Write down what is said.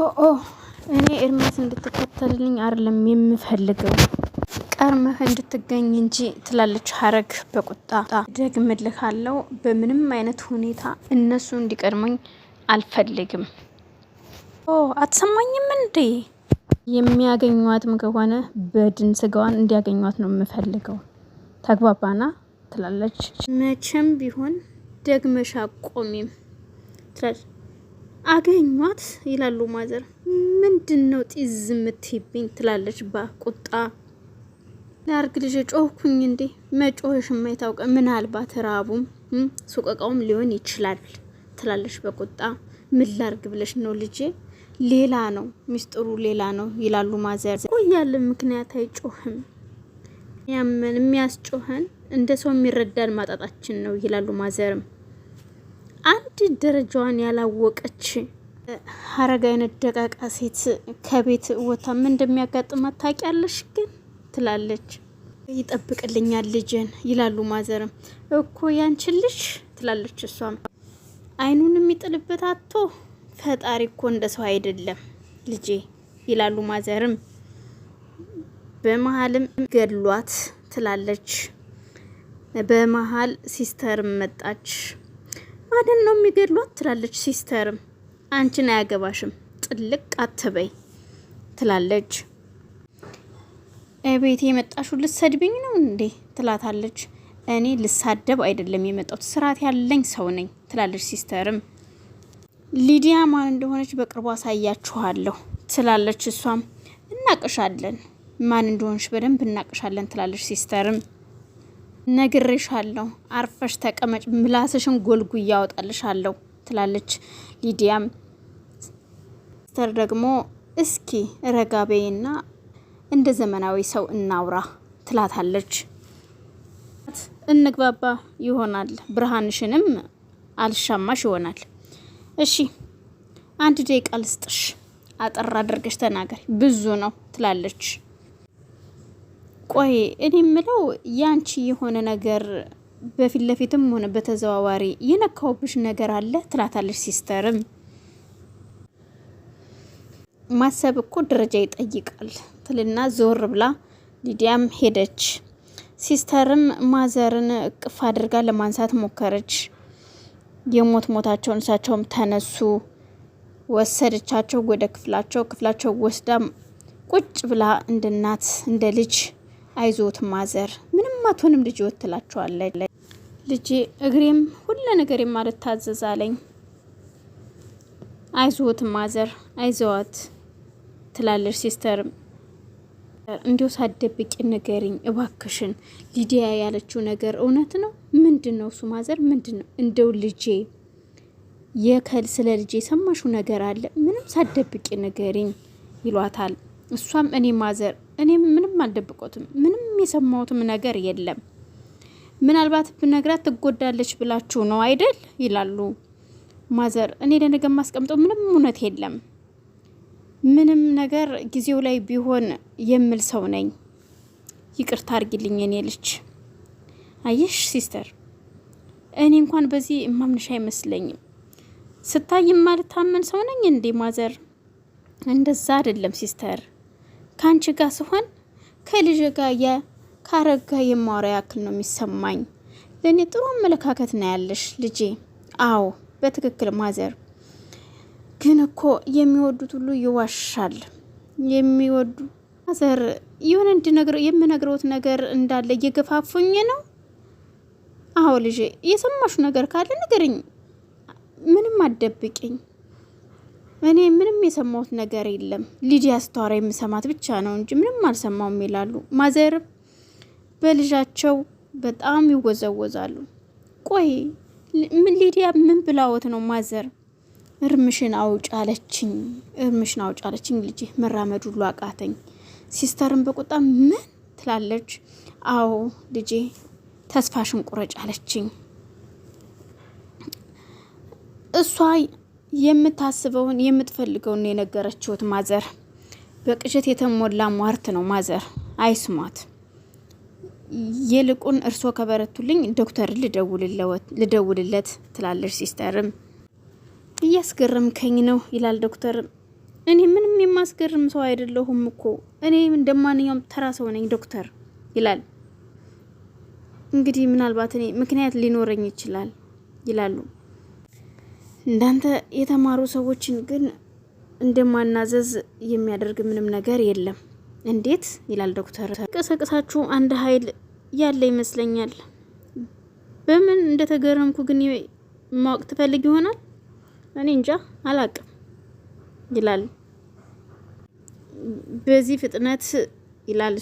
ኦ እኔ ኤርሚያስ እንድትከተልልኝ አይደለም የምፈልገው ቀርመህ እንድትገኝ እንጂ ትላለች ሀረግ በቁጣ ደግምልሃለሁ። በምንም አይነት ሁኔታ እነሱ እንዲቀድመኝ አልፈልግም። ኦ አትሰማኝም እንዴ? የሚያገኟትም ከሆነ በድን ስጋዋን እንዲያገኟት ነው የምፈልገው። ተግባባና ትላለች። መቼም ቢሆን ደግመሽ አቆሚም ትላለች አገኟት ይላሉ ማዘር። ምንድን ነው ጢዝ የምትይብኝ ትላለች በቁጣ ለአርግ ልጅ ጮህኩኝ እንዴ? መጮህሽ የማይታውቀ ምናልባት ራቡም ሱቀቃውም ሊሆን ይችላል ትላለች በቁጣ ምን ላርግ ብለሽ ነው ልጄ? ሌላ ነው ሚስጥሩ፣ ሌላ ነው ይላሉ ማዘር። ቆያለን ምክንያት አይጮህም ያመን የሚያስጮኸን እንደ ሰው የሚረዳን ማጣጣችን ነው ይላሉ ማዘርም እንዴት ደረጃዋን ያላወቀች ሀረግ አይነት ደቃቃ ሴት ከቤት ወታ ምን እንደሚያጋጥማት ታውቂያለሽ ግን ትላለች። ይጠብቅልኛል ልጅን ይላሉ ማዘርም። እኮ ያንቺን ልጅ ትላለች እሷም። አይኑን የሚጥልበት አቶ ፈጣሪ እኮ እንደ ሰው አይደለም ልጄ ይላሉ ማዘርም። በመሀልም ገድሏት ትላለች። በመሀል ሲስተርም መጣች። አደን ነው የሚገድሏት ትላለች ሲስተርም። አንቺን አያገባሽም ጥልቅ አትበይ ትላለች። ቤት የመጣሹ ልሰድብኝ ነው እንዴ ትላታለች። እኔ ልሳደብ አይደለም የመጣሁት ስርዓት ያለኝ ሰው ነኝ ትላለች ሲስተርም። ሊዲያ ማን እንደሆነች በቅርቡ አሳያችኋለሁ ትላለች እሷም። እናቅሻለን ማን እንደሆነች በደንብ እናቅሻለን ትላለች ሲስተርም። ነግሬሻለሁ፣ አርፈሽ ተቀመጭ፣ ምላስሽን ጎልጉ እያወጣልሻለሁ ትላለች። ሊዲያም ስተር ደግሞ እስኪ ረጋቤና እንደ ዘመናዊ ሰው እናውራ ትላታለች። እንግባባ ይሆናል፣ ብርሃንሽንም አልሻማሽ ይሆናል። እሺ አንድ ደቂቃ ልስጥሽ፣ አጠር አድርገሽ ተናገሪ፣ ብዙ ነው ትላለች። ቆይ እኔ የምለው ያንቺ የሆነ ነገር በፊት ለፊትም ሆነ በተዘዋዋሪ የነካውብሽ ነገር አለ ትላታለች። ሲስተርም ማሰብ እኮ ደረጃ ይጠይቃል ትልና ዞር ብላ ሊዲያም ሄደች። ሲስተርም ማዘርን እቅፍ አድርጋ ለማንሳት ሞከረች። የሞት ሞታቸውን እሳቸውም ተነሱ። ወሰደቻቸው ወደ ክፍላቸው። ክፍላቸው ወስዳም ቁጭ ብላ እንደ እናት እንደ ልጅ አይዞት ማዘር ምንም አትሆንም ልጅ ወት ትላቸዋለች። ልጄ እግሬም ሁለ ነገር ታዘዛለኝ አይዞት ማዘር አይዘዋት ትላለች። ሲስተር እንዲሁ ሳደብቂ ንገሪኝ እባክሽን፣ ሊዲያ ያለችው ነገር እውነት ነው? ምንድን ነው እሱ ማዘር? ምንድን ነው እንደው ልጄ የከል ስለ ልጄ የሰማሽው ነገር አለ? ምንም ሳደብቂ ንገሪኝ ይሏታል። እሷም እኔ ማዘር እኔም ምንም አልደብቆትም። ምንም የሰማሁትም ነገር የለም። ምናልባት ብነግራት ትጎዳለች ብላችሁ ነው አይደል? ይላሉ ማዘር። እኔ ለነገ ማስቀምጠው ምንም እውነት የለም። ምንም ነገር ጊዜው ላይ ቢሆን የምል ሰው ነኝ። ይቅርታ አርጊልኝ የኔ ልጅ። አየሽ ሲስተር፣ እኔ እንኳን በዚህ ማምንሻ አይመስለኝም። ስታይ ማልታመን ሰው ነኝ እንዴ ማዘር? እንደዛ አይደለም ሲስተር፣ ከአንቺ ጋር ስሆን ከልጅ ጋር ከአረግ ጋር የማወራ ያክል ነው የሚሰማኝ። ለእኔ ጥሩ አመለካከት ነው ያለሽ ልጄ። አዎ በትክክል ማዘር። ግን እኮ የሚወዱት ሁሉ ይዋሻል። የሚወዱ ማዘር የሆነ የምነግረውት ነገር እንዳለ እየገፋፉኝ ነው። አዎ ልጄ፣ የሰማሹ ነገር ካለ ንገርኝ፣ ምንም አደብቅኝ። እኔ ምንም የሰማሁት ነገር የለም። ሊዲያ አስተዋራ የምሰማት ብቻ ነው እንጂ ምንም አልሰማውም ይላሉ። ማዘር በልጃቸው በጣም ይወዘወዛሉ። ቆይ ሊዲያ ምን ብላወት ነው? ማዘር እርምሽን አውጫለችኝ፣ እርምሽን አውጫለችኝ፣ ልጅ መራመድ ሁሉ አቃተኝ። ሲስተርን በቁጣ ምን ትላለች? አዎ ልጄ ተስፋሽን ቁረጫለችኝ እሷ የምታስበውን የምትፈልገውን ነው የነገረችሁት። ማዘር በቅዠት የተሞላ ሟርት ነው። ማዘር አይስሟት። ይልቁን እርሶ ከበረቱልኝ ዶክተር ልደውልለት ትላለች። ሲስተርም እያስገረምከኝ ነው ይላል ዶክተር። እኔ ምንም የማስገርም ሰው አይደለሁም እኮ እኔ እንደማንኛውም ተራ ሰው ነኝ ዶክተር ይላል። እንግዲህ ምናልባት እኔ ምክንያት ሊኖረኝ ይችላል ይላሉ እንዳንተ የተማሩ ሰዎችን ግን እንደማናዘዝ የሚያደርግ ምንም ነገር የለም። እንዴት ይላል ዶክተር። ቀሰቀሳችሁ አንድ ኃይል ያለ ይመስለኛል። በምን እንደተገረምኩ ግን ማወቅ ትፈልግ ይሆናል። እኔ እንጃ አላቅም ይላል። በዚህ ፍጥነት ይላል